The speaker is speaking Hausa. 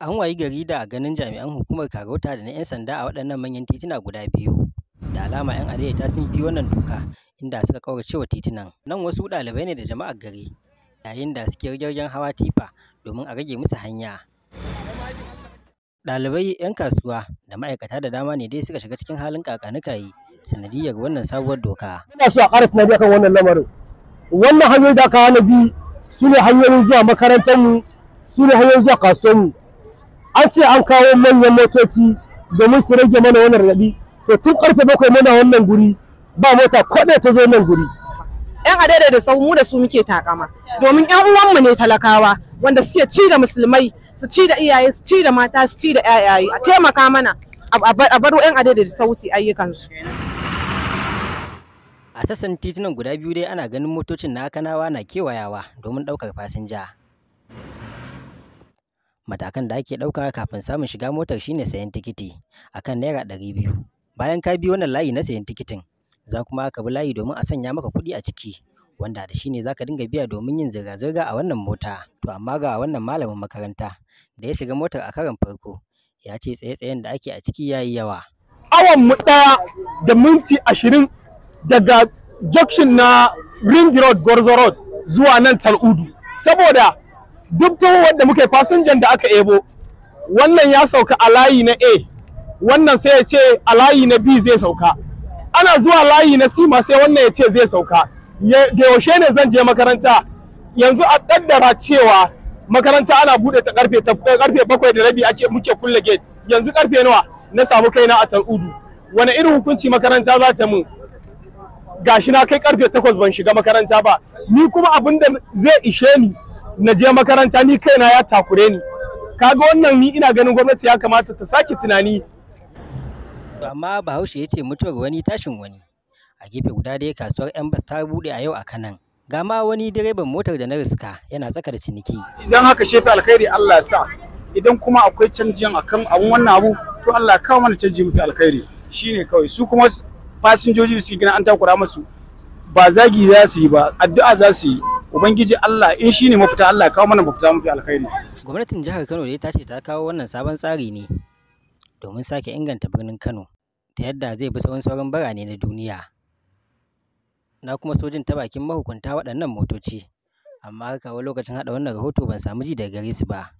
An wayi gari da ganin jami'an hukumar KAROTA da na 'yan sanda a waɗannan manyan tituna guda biyu, da alama 'yan arewa sun bi wannan doka, inda suka wa titunan. Nan wasu ɗalibai ne da jama'ar gari, yayin da suke rigyargyar hawa tifa domin a rage musu hanya. Ɗalibai, 'yan kasuwa da ma'aikata da dama ne dai suka shiga cikin halin kakanikayi sanadiyyar wannan sabuwar doka. Ina so a ƙara tunani akan wannan lamarin. Wannan hanyoyi da aka hana bi su ne hanyoyin zuwa makarantarmu, su ne hanyoyin zuwa kasuwarmu. an ce an kawo manyan motoci domin su rage mana wannan rabi, to tun karfe bakwai muna wannan guri ba mota kwaɗe ta zo nan guri yan adada da sau mu da su muke takama domin yan uwanmu ne talakawa wanda suke ci da musulmai su ci da iyaye su ci da mata su ci da yayaye a taimaka mana a bar yan adada da sau su ayyukansu a sassan titunan guda biyu dai ana ganin motocin na kanawa na kewayawa domin ɗaukar fasinja matakan da ake ɗauka kafin samun shiga motar shine sayan tikiti akan naira ɗari biyu bayan ka bi wannan layi na sayan tikitin za kuma ka bi layi domin a sanya maka kuɗi a ciki wanda da shine zaka dinga biya domin yin zirga-zirga a wannan mota to amma ga wannan malamin makaranta da ya shiga motar a karon farko ya ce tsaye-tsayen da ake a ciki ya yi yawa awan mu ɗaya da minti ashirin daga junction na ring road gorzo road zuwa nan tal'udu saboda duk tahowar da muka yi fasinjan da aka ebo wannan ya sauka a layi na a wannan sai ya ce a layi na b zai sauka ana zuwa layi na c ma sai wannan ya ce zai sauka da yaushe ne zan je makaranta yanzu a ƙaddara cewa makaranta ana buɗe ta ƙarfe ƙarfe bakwai da rabi ake muke kulle gate yanzu ƙarfe nawa na samu kaina a ta'udu. wani irin hukunci makaranta za ta mun gashi na kai ƙarfe takwas ban shiga makaranta ba ni kuma abin da zai ishe ni na je makaranta ni kaina ya takure ni kaga wannan ni ina ganin gwamnati ya kamata ta sake tunani amma bahaushe ya ce mutuwar wani tashin wani a gefe guda dai kasuwar yan bas ta bude a yau a kanan ga wani direban motar da na riska yana tsaka da ciniki idan haka shefe alkhairi Allah sa idan kuma akwai canjin akan abun wannan abu to Allah ya mana canji mutu alkhairi shine kawai su kuma fasinjoji da suke gina an takura musu ba zagi za su yi ba addu'a za su yi ubangiji Allah in shine mafita Allah kawo mana mafita mafi alkhairi gwamnatin jihar Kano ne ta ce ta kawo wannan sabon tsari ne domin sake inganta birnin Kano ta yadda zai bi sauran sauran birane na duniya na kuma so ta bakin mahukunta waɗannan motoci amma kawo lokacin haɗa wannan rahoto ban samu ji daga gare su ba